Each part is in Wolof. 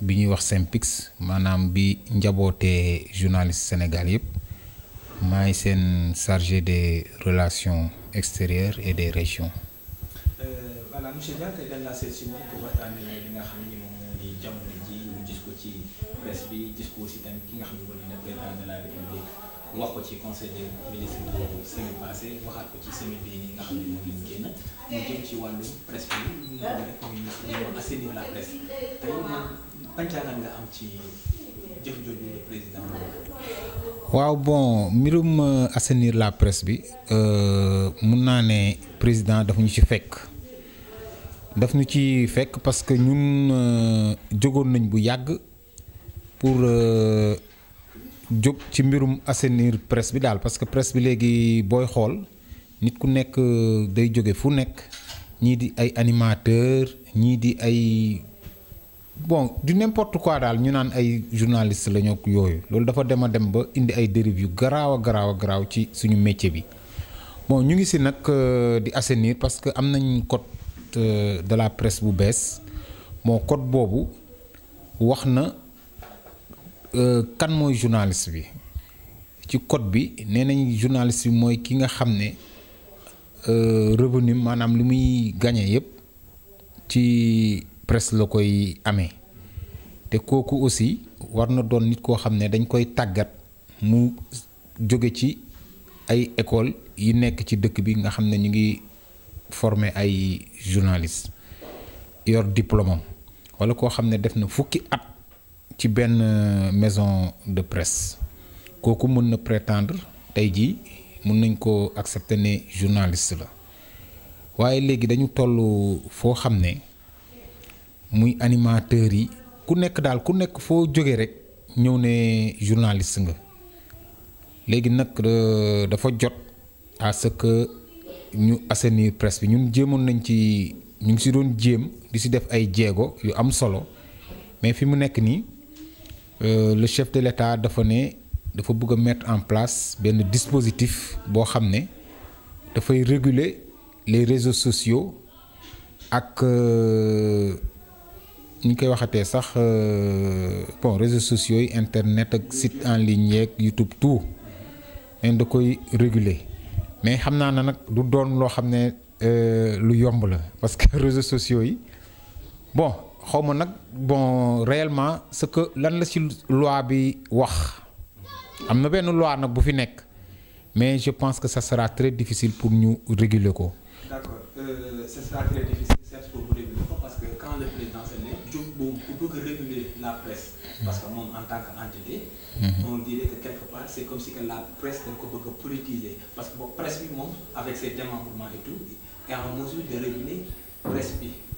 bi ñuy wax Synpics maanaam bi njabootee journaliste Sénégal yëpp maay seen chargé des relations extérieures et des régions. Euh, voilà monsieur Dia tey dañ laa seet si moom pour waxtaanee li nga xam ne moom moo di jamono ji ñu gis ko ci presse bi gis ko aussi tamit ki nga xam ne moom la président de la république wax ko ci conseil des ministres bu semaine passée waxaat ko ci semaine bii nga xam ne moom lañ génn mu jëm ci wàllu presse bi ñu ngi rek ñu assainir la presse tey waaw bon mbirum euh, assainir la presse bi euh, mun naa ne président daf ñu ci fekk daf ñu ci fekk parce que ñun euh, jógoon nañ bu yàgg pour. jóg ci mbirum assainir presse bi daal parce que presse bi léegi booy xool nit ku nekk day jóge fu nekk ñii di ay animateur ñii di ay bon du n'importe quoi daal ñu naan ay journaliste la ñoo yooyu loolu dafa dem a dem ba indi ay dérives yu garaaw a garaaw a garaaw ci suñu métier bi bon ñu ngi si nag euh, di assenir parce que am nañ code euh, de la presse bu bees moo code boobu wax na euh, kan mooy journaliste bi ci code bi nee nañ journaliste bi mooy ki nga xam ne revenu maanaam li muy gañe yépp ci presse lo koy amé Té koku aussi warna don doon nit ko xamné dañ koy mu jóge ci ay école yi nekk ci dëkk bi nga xamné ne ñu ngi former ay journaliste yor diplôme wala ko xamné def na fukki at ci ben maison de presse koku mën na prétendre tay ji mën nañ ko accepter ne journaliste la waaye légui dañu tollu muy animateur yi ku nekk daal ku nekk foo jógee rek ñëw ne journaliste nga léegi nag euh, dafa jot à ce que ñu assainir presse bi ñun jéemoon nañ ci ñu ngi si doon jéem di si def ay yu am solo mais fi mu nekk nii euh, le chef de l'État dafa ne dafa bëgg a mettre en place benn dispositif boo xam ne dafay réguler les réseaux sociaux ak. Euh, ni koy waxatee sax euh, bon réseaux sociaux internet ak site en ligne YouTube tout leen da réguler mais xam naa ne nag du doon loo xam ne euh, lu yomb la parce que réseaux sociaux yi bon xaw ma bon réellement ce que lan la ci loi bi wax am benn loi nag bu fi nekk mais je pense que ça sera très difficile pour ñu réguler ko. D'accord, euh, Ce sera très difficile pour vous réguler. On peut réguler la presse parce que moi, en tant qu'entité mhm. on dirait que quelque part c'est comme si la presse n'était ko beaucoup parce que la presse lui avec ses démembrements et tout est en mesure de réguler presse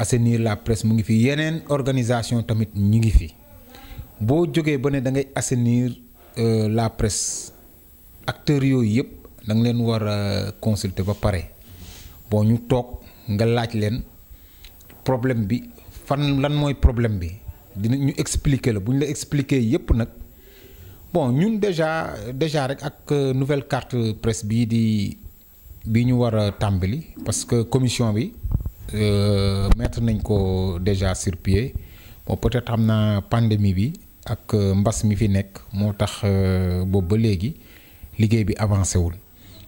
assainir la presse mu ngi fi yenen organisation tamit ñu ngi fi bo jógee ba da ngay assainir euh, la presse acteurs yooyu yëpp da nga leen war consulter ba paré bon ñu tok nga laaj leen problème bi fan lan moy problème bi dina ñu expliquer la buñ la expliquer yëpp nak bon ñun déjà déjà rek ak euh, nouvelle carte presse bi di bi ñu wara a parce que commission bi. Euh, mettre nañ ko déjà sur pied bon peut-être amna pandémie bi ak euh, mbass mi fi nek motax tax euh, ba légui liguey bi avancé wul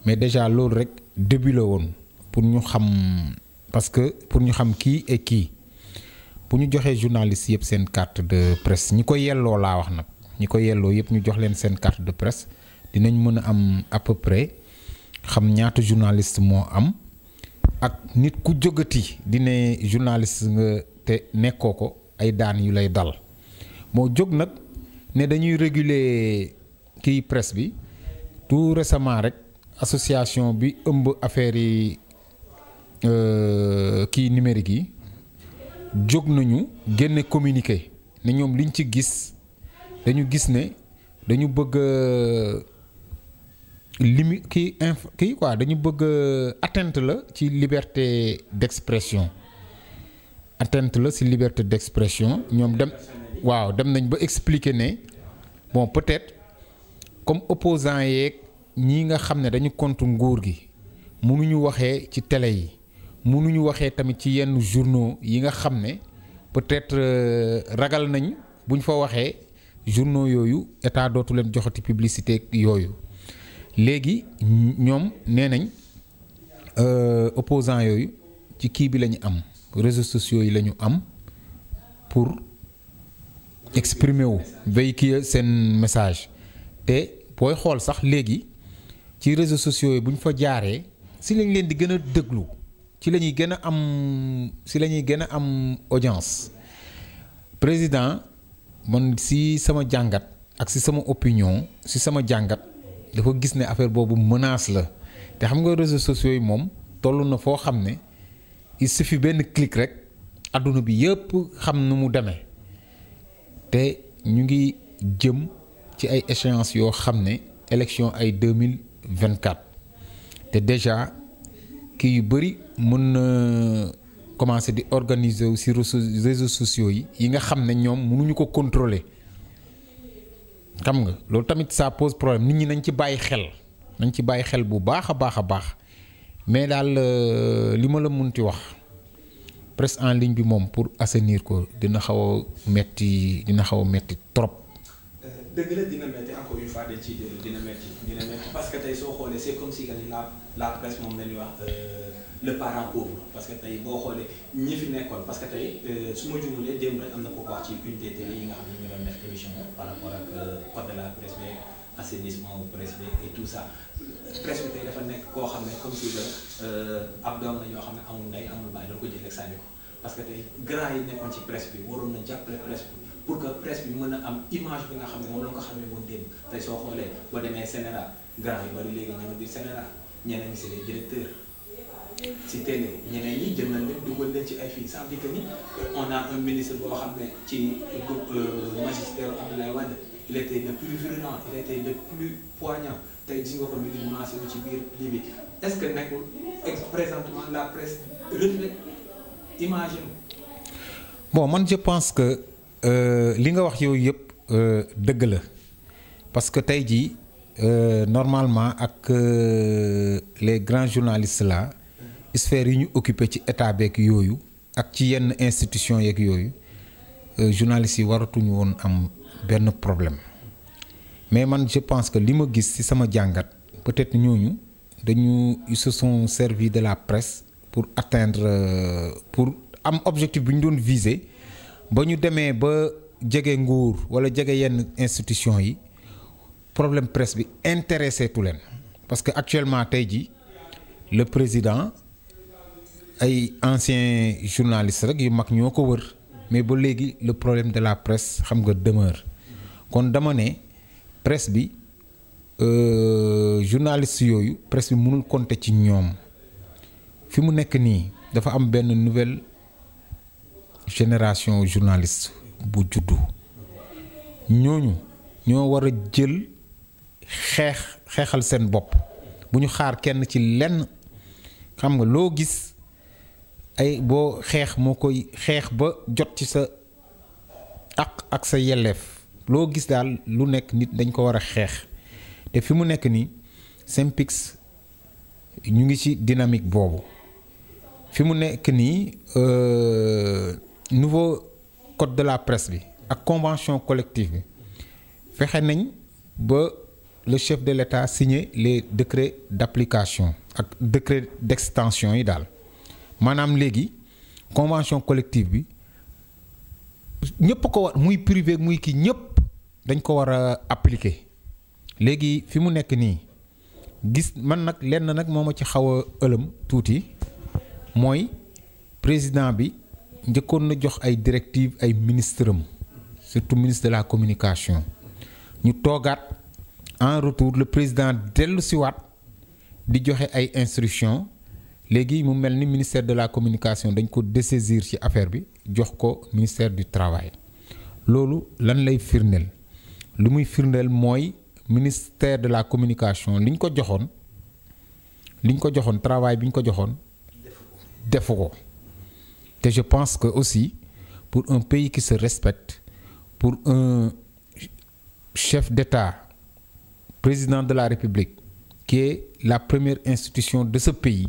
mais déjà lool rek début la woon pour ñu xam parce que pour ñu xam qui et qui pour ñu joxé journaliste yépp sen carte de presse ñi ko yelloo la wax nak ñi ko yelloo yépp ñu jox leen sen carte de presse dinañ mën a am à peu près xam ñaata journaliste mo am. ak nit ku jógati di ne journaliste nga te nekkoo ko ay daan yu lay dal moo jóg nag ne dañuy réguler kii presse bi tout resement rek association bi ëmb affaire yi euh, kii numérique yi jóg nañu génne communiqué ne ñoom liñ ci gis dañu gis ne dañu bëgg euh, limi qui quoi euh, la liberté d'expression atteinte la liberté d'expression ñom dem waaw expliquer bon peut-être comme opposant yeeg ñi nga xamné dañu contre nguur gi télé yi tamit journaux nga peut-être euh, ragal nañ buñ fa journaux état publicité les ñom euh opposants yoyu ci réseaux sociaux pour exprimer véhiculer message té boy sax réseaux sociaux yi si leen di ci am si audience président si si sama ak si sama opinion si sama dafa gis ne affaire boobu menace la te xam nga réseaux sociaux yi moom toll na foo xam ne il suffit benn clic rek adduna bi yépp xam nu mu demee te ñu ngi jëm ci ay échéances yoo xam ne élection ay 2024 mille te déjà kii yu bëri mën na commencer di organiser wu si réseaux sociaux yi yi nga xam ne ñoom mënuñu ko contrôler xam nga loolu tamit ça pose problème nit ñi nañ ci bàyyi xel nañ ci bàyyi xel bu baax a baax a baax mais daal euh, li ma la munti wax presse en ligne bi moom pour assenir ko dina xaw a metti dina xaw a metti trop. dëgg la dina métti encore une fois ci dina métti dina métti parce tey soo xoolee c'est comme si que ni la la moom la wax. Euh, le parent pauvre parce que tey boo xoolee ñi fi nekkoon parce que tey euh, su ma juumalee démb rek am na ko wax ci une des télé yi nga xam ne ñu doon def émission par rapport ak euh, code de la presse beeg assainissement presse beeg et tout ça presse bi tey dafa nekk koo xam ne comme si euh, ab doom la yoo xam ne amul ndey amul ko jël ak ko parce que tey grand yi nekkoon ci presse bi na jàppale presse bi pour que presse bi mën a am image bi nga xam ne moom la nga xam ne woon démb tey soo xoolee boo demee Sénégal grand yi bari léegi ñu ngi biir Sénégal ñeneen ñi c'est les c'était télé ñeneen ñi jël nañ leen dugal leen ci ay dire que euh, on a un ministre boo xam ne ci euh, magistère Abdoulaye Wade il était le plus virulent il était le plus poignant tey ji nga ko mi ngi menacé ci biir est-ce que nekkul présentement la presse reflète image bon moi je pense que euh, li nga wax yooyu yëpp la parce que tey euh, normalement ak les grands journalistes là sphère yi ñu occupé ci état beeg yoyu ak ci yenn institution yoyu euh, journalistes yi ñu won am problème mais man je pense que li ma gis ci sama jàngat peut-être ñooñu dañu ils se sont servis de la presse pour atteindre euh, pour am objectif buñ doon viser ba ñu demee ba jege nguur wala yenn institution yi problème presse bi intéressé pour leen parce que actuellement tay le président ay anciens journalistes rek yu mag ñoo ko wër mais ba léegi le problème de la presse xam nga demeure kon dama ne presse bi euh, journalistes yooyu presse bi mënul compter ci ñoom fi mu nekk nii dafa am benn nouvelle génération journaliste bu juddu ñooñu ñoo war a jël xeex xeexal seen bopp bu ñu xaar kenn ci lenn xam nga loo gis ay boo xeex moo koy xex ba jot ci sa ak ak sa yelef lo gis dal lu nek nit dañ ko wara xex xeex te fi mu nekk nii Synpics ñu ngi ci dynamique bobu fi mu ni euh nouveau code de la presse bi ak convention collective bi fexe nañ ba le chef de l'État signer les décrets d'application ak décrets d'extension yi dal manam léegi convention collective bi ñepp ko war muy privé muy ki ñepp dañ ko wara appliquer léegi fi mu nek ni gis man nak lenn nak moma ci xawa a touti moy président bi njëkkoon na jox ay directives ay ministre surtout ministre de la communication ñu togat en retour le président dellu wat di joxe ay instructions Légui mu ministère de la communication dañ ko dessaisir ci affaire bi jox ko ministère du travail Lolu lan lay firnel? lu muy que moy ministère de la communication liñ ko joxone liñ ko joxone travail biñ ko joxone defu ko je pense que aussi pour un pays qui se respecte pour un chef d'État président de la République qui est la première institution de ce pays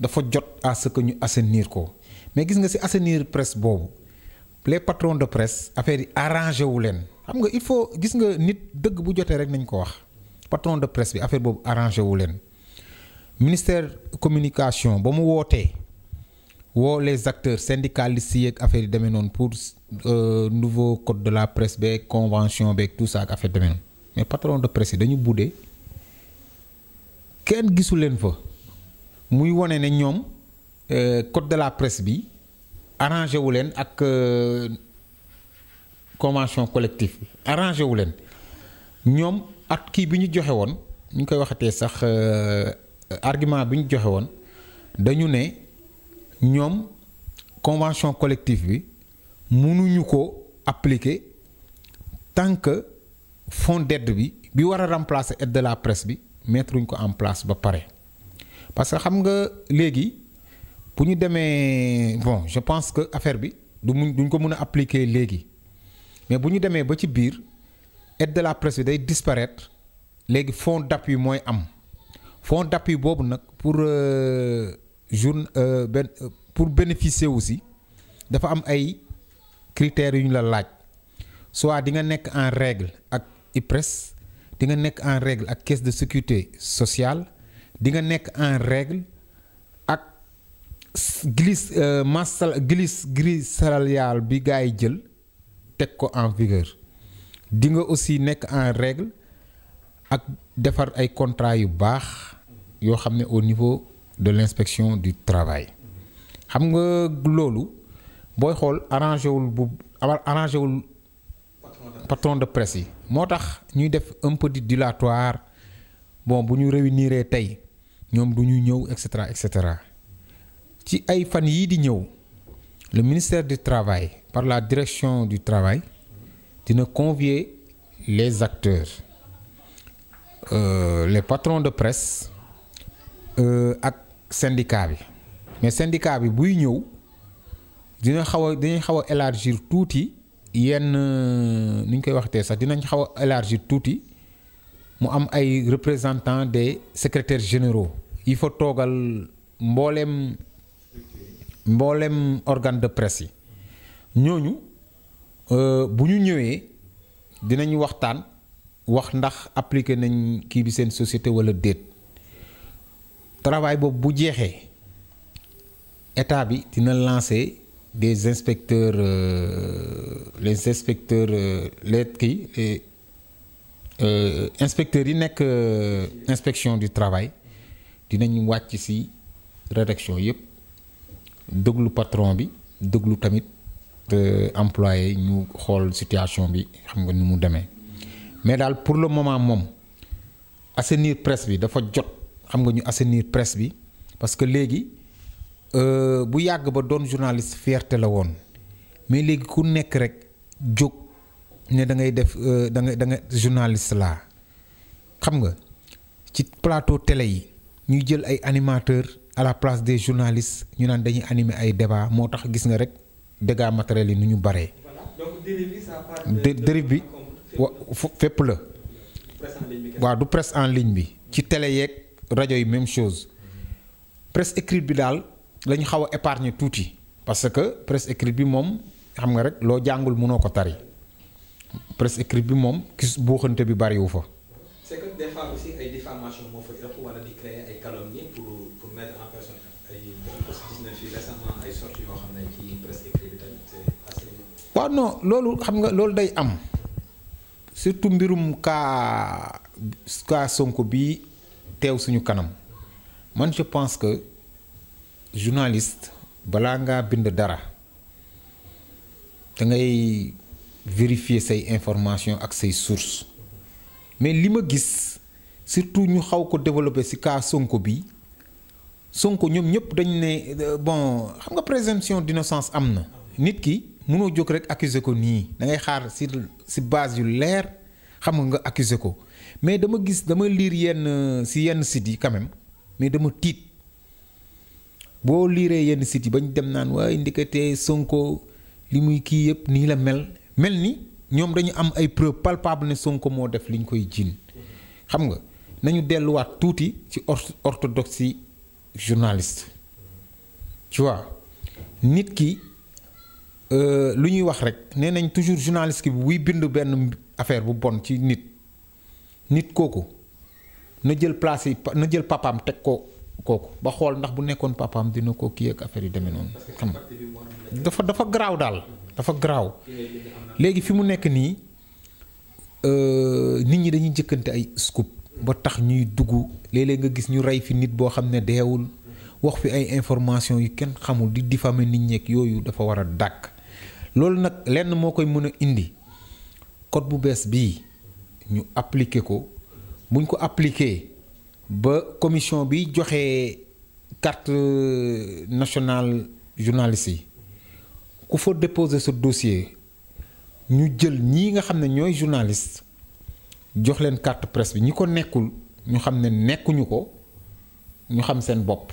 dafa jot à ce que ñu assainir ko mais gis nga si assainir presse boobu les patrons de presse affaire yi arrangé wu leen xam nga il faut gis nga nit dëgg bu jotee rek nañ ko wax patron de presse bi affaire boobu arrangé wu leen ministère communication ba mu wootee woo les acteurs syndicalistes ici ak affaire yi demee noonu pour euh, nouveau code de la presse beeg convention beeg tout ça ak affaire demee noonu mais patron de presse yi dañu buddee kenn gisu leen fa muy wane ne ñoom euh, code de la presse bi arrangé wu leen ak euh, convention collective arrangé wu leen ñoom at kii bi ñu joxe woon ñu koy waxatee sax euh, argument bi ñu joxe woon dañu ne ñoom convention collective bi mënuñu ko appliquer tant que fond d'aide bi bi war a remplacer aide de la presse bi mettre ñu ko en place ba pare parce que xam nga léegi bu ñu bon je pense que affaire bi du duñ ko mën appliquer léegi mais bu ñu demee ba ci biir aide de la presse day disparaître léegi fonds d'appui moins am fonds d'appui boobu nag pour euh, journ euh, benn euh, pour bénéficier aussi dafa am ay critères la laaj soit di nga en règle ak IPRES di nga en règle ak caisse de sécurité sociale di nga nekk en règle ak glisse euh, masse glisse gris salarial bi gars jël teg ko en vigueur di nga aussi nekk en règle ak defar ay contrat yu baax yoo xam ne au niveau de l'inspection du travail xam nga loolu booy xool arrangé wul bu arrangé wul patron de presse yi moo tax ñuy def un peu de dilatoire bon bu ñu réuniré tey ñom sommes ñëw etc. etc le ministère du travail par la direction du travail dina convier les acteurs euh, les patrons de presse euh, ak syndicat mais syndicat bi ñëw dina élargir yenn élargir représentants des secrétaires généraux il faut togal mbooleem mbooleem organe de presse ñooñu euh buñu ñëwé dinañ waxtaan wax ndax appliqué nañ ki bi sen société wala det. travail boobu bu jéxé état bi dina lancer des inspecteurs euh, les inspecteurs euh, les qui euh, inspecteurs yi nekk inspection du travail dinañ wàcc si rédaction yëpp déglu patron bi déglu tamit euh, employé ñu xool situation bi xam nga ni mu demee mais daal pour le moment moom assainir presse bi dafa jot xam nga ñu assainir presse bi parce que léegi euh, bu yàgg ba doon journaliste fierté la woon mais léegi ku nekk rek jóg ne da ngay def euh, da nga da nga journaliste laa xam nga ci plateau télé yi ñuy jël ay animateurs à la place des journalistes ñu naan dañuy animer ay débat moo tax gis nga rek dégâts matériels yi nu ñu baree. donc dérive bi wa la. waa du presse en ligne bi. ci tele yeeg rajo yi même chose. presse écrite bi daal la ñu xaw a épargner tuuti. parce que presse écrite bi moom xam nga rek loo jàngul mënoo ko tari. presse écrite bi moom gis buuxante bi bariwu fa waa non loolu xam nga loolu day am surtout mbirum kaa kaa Sonko bi teew suñu kanam man je pense que journaliste balaa ngaa bind dara da ngay vérifier say information ak say source mais li ma gis surtout ñu xaw ko développer ci kaa Sonko bi Sonko ñoom ñëpp dañ ne euh, bon xam nga présomption d'innocence am na nit ki. mënoo jóg rek accuser ko nii da ngay xaar si si base yu leer xam nga nga accuser ko mais dama gis dama liir yenn si yenn sites yi quand mais dama tiit boo liiree yenn sites yi bañ dem naan waaye ndikete Sonko li muy kii yëpp nii la mel mel ni ñoom dañu am ay preuve palpable ne Sonko moo def liñ koy jiin xam nga nañu delluwaat tuuti ci orthodoxie journaliste tu vois nit ki. Euh, lu ñuy wax rek nee nañ toujours journaliste bi buy bind benn affaire bu bon ci nit nit kooku na jël place yi na jël papaam teg ko kooku ba xool ndax bu nekkoon papaam dina ko kii ak affaire yi demee noonu xam nga dafa dafa garaaw daal dafa garaaw léegi fi mu nekk nii euh, nit ñi dañuy jëkkante ay scoop ba tax ñuy dugg léeg nga gis ñu rey fi nit boo xam ne deewul wax fi ay information yu kenn xamul di diffamer nit ñeek yooyu dafa war a dàkk loolu nak lenn mo koy mën indi code bu bees bi ñu appliquer ko buñ ko appliquer ba commission bi joxé carte euh, nationale journaliste ku fa déposer ce dossier ñu jël ñi nga xamné ñoy journaliste jox leen carte presse bi ñi ko nekkul ñu xamné ne nekkuñu ko ñu xam seen bop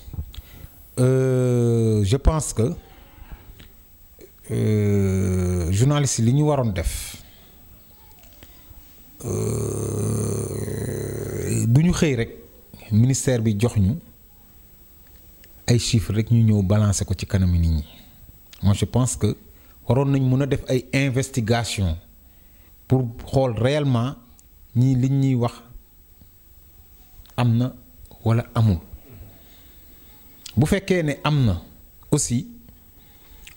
Euh, je pense que euh, journaliste yi li ñu waroon def euh duñu xey rek ministère bi jox ñu ay chiffres rek ñu ñëw balancer ko ci kanam nit ñi moi je pense que waroon nañ mëna def ay investigation pour xol réellement ñi liñ ñuy wax amna wala amul bu fekkee ne amna aussi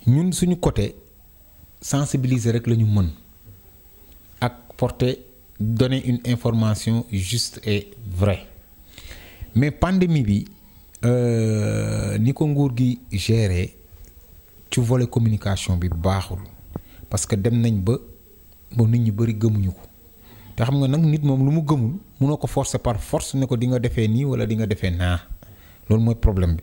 ñun suñu côté sensibiliser rek lañu ñu mën ak porter donner une information juste et vraie mais pandémie bi euh, ni ko nguur gi gérer ci volet communication bi baaxul parce que dem nañ ba ba nit ñi bari gëmuñu ko te xam nga nak nit mom lu mu gëmul ko forcer par force ne ko di nga défé ni wala di nga défé na lool moy problème bi.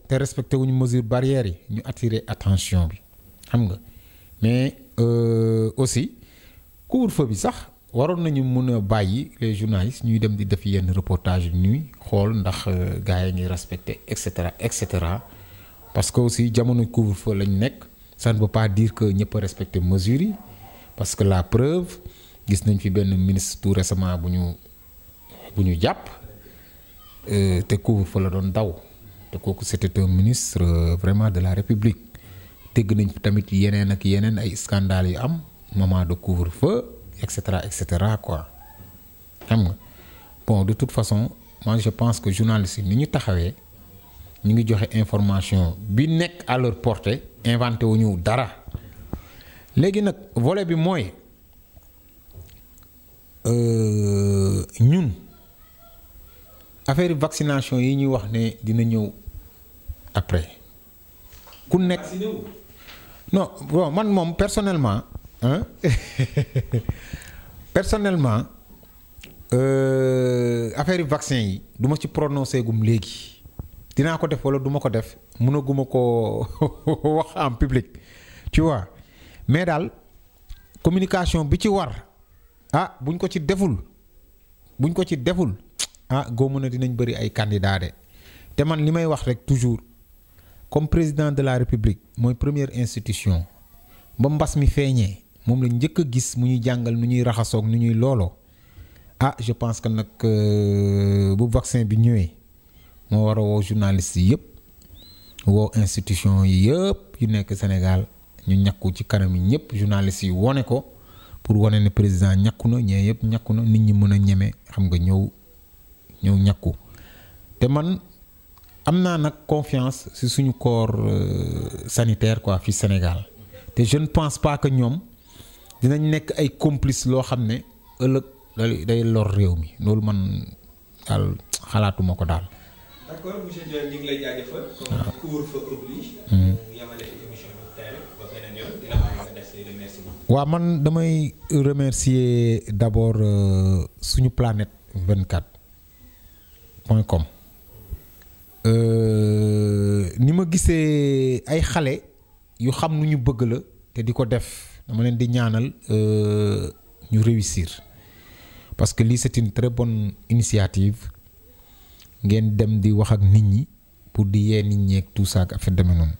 te respecté wuñu mesure barrière yi ñu attirer attention bi xam nga mais euh, aussi couvre-feu bi sax waroon nañu mën a les journalistes ñuy dem di def yenn reportage nuit, xool ndax euh, gars yi ngi respecté et cetera et cetera parce que aussi jamono couvre-feu lañ nekk ça ne veut pas dire que ñëpp a respecté mesures yi parce que la preuve gis nañ fi benn ministre tout récemment bu ñu bu ñu jàpp euh, te couvre-feu la doon daw te c'était un ministre euh, vraiment de la république dégg nañ tamit yeneen ak yeneen ay scandales des am moment de couvre-feu etc. etc. et cetera quoi bon de toute façon moi je pense que journalistes yi ni ñu taxawee ñu ngi joxe information bi à leur portée inventé wu dara léegi nag volet bi euh, ñun affaire vaccination yi ñuy wax ne dina ñëw après ku non bon man moom personnellement hein personnellement euh, affaire vaccin yi du ma ci prononcer gum léegi dinaa ko def wala du ma ko def mënaguma ko wax en public tu vois mais daal communication bi ci war ah buñ ko ci deful buñ ko ci deful ah go meuna dinañ bari ay candidats de te man limay wax rek toujours comme président de la république mooy première institution ba mbas mi feeñee moom la njëkk gis mu ñuy jàngal nu ñuy raxasoog nu ñuy lolo. ah je pense que nag euh, bu vaccin bi ñëwee moo war a woo journaliste yi yëpp woo institution yi yëpp yu nekk Sénégal ñu ñàkku ci kanam ñëpp journaliste yi wone ko pour wane ne président ñàkku na ñee yëpp ñàkku na nit ñi mën a ñeme xam nga ñëw ñëw ñàkku te man amna naa confiance ci suñu corps euh, sanitaire quoi fi Sénégal te je ne pense pas que ñoom dinañ nekk ay complices lo xamné ne ëllëg day lor réew mi loolu man daal xalaatuma ko daal. d'accord monsieur Ndiol ni ngi lay jajeufal ah. comme couvre-feu oblige. Hmm. yamale émission bi tey rek ba beneen yoon dina am nga des merci wa man damay remercier d'abord euh, suñu planète 24.com Euh, ni ma gisee ay xale yu xam nu ñu bëgg la te di ko def dama leen di ñaanal euh, ñu réussir parce que lii c'est une très bonne initiative ngeen dem di wax ak nit ñi pour di yee nit ñeeg tout ça ak affaire noonu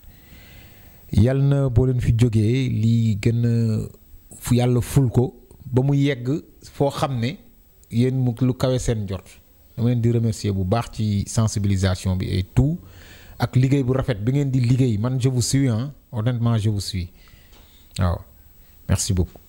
yal na boo leen fi jógee lii gën a fu yàlla ful ko ba mu yegg foo xam ne yéen mu lu kawe seen jot. dama di remercier bu baax ci sensibilisation bi et tout ak liguey bu rafet bi ngeen di liguey man je vous suis hein honnêtement je vous suis merci beaucoup.